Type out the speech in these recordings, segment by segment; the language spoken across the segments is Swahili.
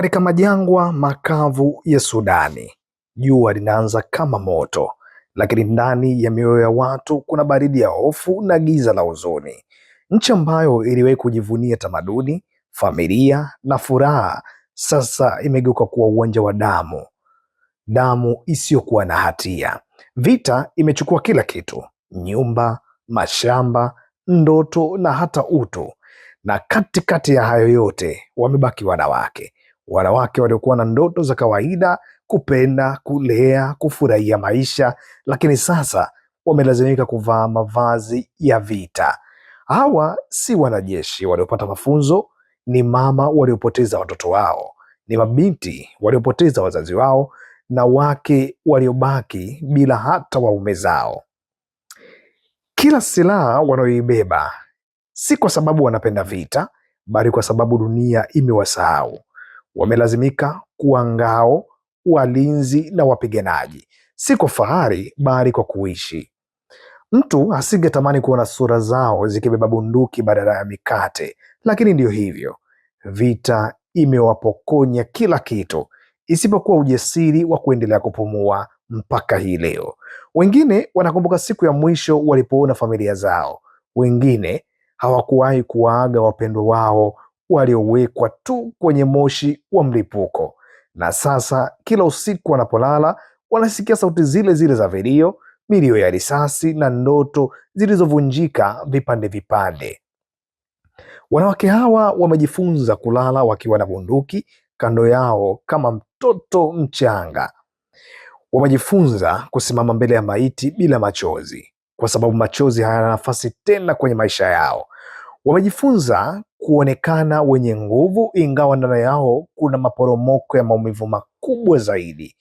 Katika majangwa makavu ya Sudani, jua linaanza kama moto, lakini ndani ya mioyo ya watu kuna baridi ya hofu na giza la huzuni. Nchi ambayo iliwahi kujivunia tamaduni, familia na furaha, sasa imegeuka kuwa uwanja wa damu, damu isiyokuwa na hatia. Vita imechukua kila kitu: nyumba, mashamba, ndoto na hata utu. Na katikati ya hayo yote, wamebaki wanawake wanawake waliokuwa na ndoto za kawaida, kupenda, kulea, kufurahia maisha, lakini sasa wamelazimika kuvaa mavazi ya vita. Hawa si wanajeshi waliopata mafunzo, ni mama waliopoteza watoto wao, ni mabinti waliopoteza wazazi wao, na wake waliobaki bila hata waume zao. Kila silaha wanayoibeba si kwa sababu wanapenda vita, bali kwa sababu dunia imewasahau wamelazimika kuwa ngao, walinzi na wapiganaji, si kwa fahari, bali kwa kuishi. Mtu asingetamani kuona sura zao zikibeba bunduki badala ya mikate, lakini ndiyo hivyo, vita imewapokonya kila kitu isipokuwa ujasiri wa kuendelea kupumua mpaka hii leo. Wengine wanakumbuka siku ya mwisho walipoona familia zao, wengine hawakuwahi kuwaaga wapendwa wao waliowekwa tu kwenye moshi wa mlipuko. Na sasa kila usiku wanapolala, wanasikia sauti zile zile za vilio, milio ya risasi na ndoto zilizovunjika vipande vipande. Wanawake hawa wamejifunza kulala wakiwa na bunduki kando yao kama mtoto mchanga. Wamejifunza kusimama mbele ya maiti bila machozi, kwa sababu machozi hayana nafasi tena kwenye maisha yao. Wamejifunza kuonekana wenye nguvu, ingawa ndani yao kuna maporomoko ya maumivu makubwa zaidi.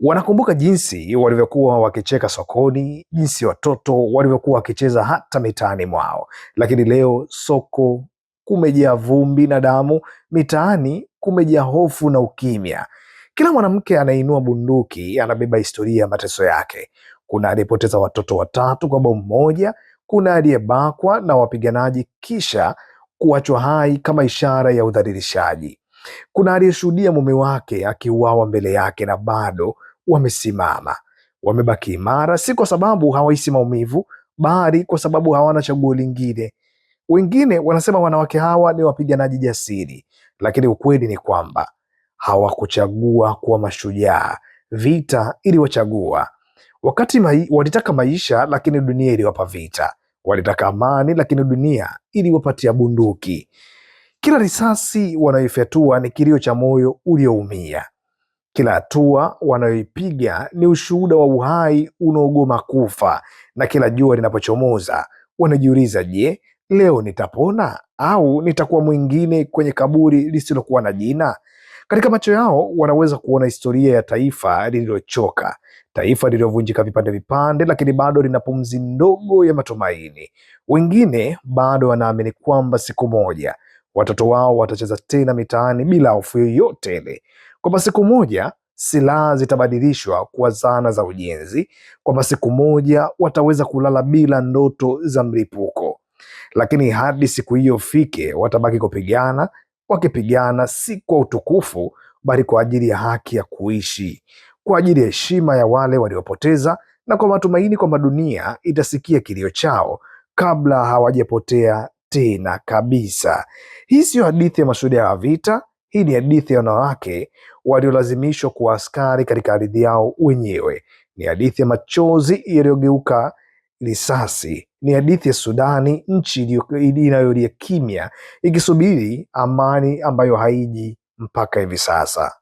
Wanakumbuka jinsi walivyokuwa wakicheka sokoni, jinsi watoto walivyokuwa wakicheza hata mitaani mwao. Lakini leo soko kumejaa vumbi na damu, mitaani kumejaa hofu na ukimya. Kila mwanamke anainua bunduki, anabeba historia ya mateso yake. Kuna aliyepoteza watoto watatu kwa bomu moja, kuna aliyebakwa na wapiganaji kisha kuachwa hai kama ishara ya udhalilishaji. Kuna aliyeshuhudia mume wake akiuawa mbele yake na bado wamesimama, wamebaki imara, si kwa sababu hawahisi maumivu, bali kwa sababu hawana chaguo lingine. Wengine wanasema wanawake hawa ni wapiganaji jasiri, lakini ukweli ni kwamba hawakuchagua kuwa mashujaa. Vita iliwachagua. Wakati mai, walitaka maisha lakini dunia iliwapa vita. Walitaka amani lakini dunia iliwapatia bunduki. Kila risasi wanayoifyatua ni kilio cha moyo ulioumia. Kila hatua wanayoipiga ni ushuhuda wa uhai unaogoma kufa, na kila jua linapochomoza wanajiuliza, je, leo nitapona au nitakuwa mwingine kwenye kaburi lisilokuwa na jina? Katika macho yao wanaweza kuona historia ya taifa lililochoka, taifa lililovunjika vipande vipande, lakini bado lina pumzi ndogo ya matumaini. Wengine bado wanaamini kwamba siku moja watoto wao watacheza tena mitaani bila hofu yoyote ile, kwamba siku moja silaha zitabadilishwa kuwa zana za ujenzi, kwamba siku moja wataweza kulala bila ndoto za mlipuko. Lakini hadi siku hiyo fike, watabaki kupigana, wakipigana si kwa utukufu, bali kwa ajili ya haki ya kuishi, kwa ajili ya heshima ya wale waliopoteza, na kwa matumaini kwamba dunia itasikia kilio chao kabla hawajapotea tena kabisa. Hii siyo hadithi ya mashujaa wa vita. Hii ni hadithi ya wanawake waliolazimishwa kuwa askari katika ardhi yao wenyewe. Ni hadithi ya machozi yaliyogeuka risasi ni hadithi ya Sudani, nchi inayolia kimya ikisubiri amani ambayo haiji mpaka hivi sasa.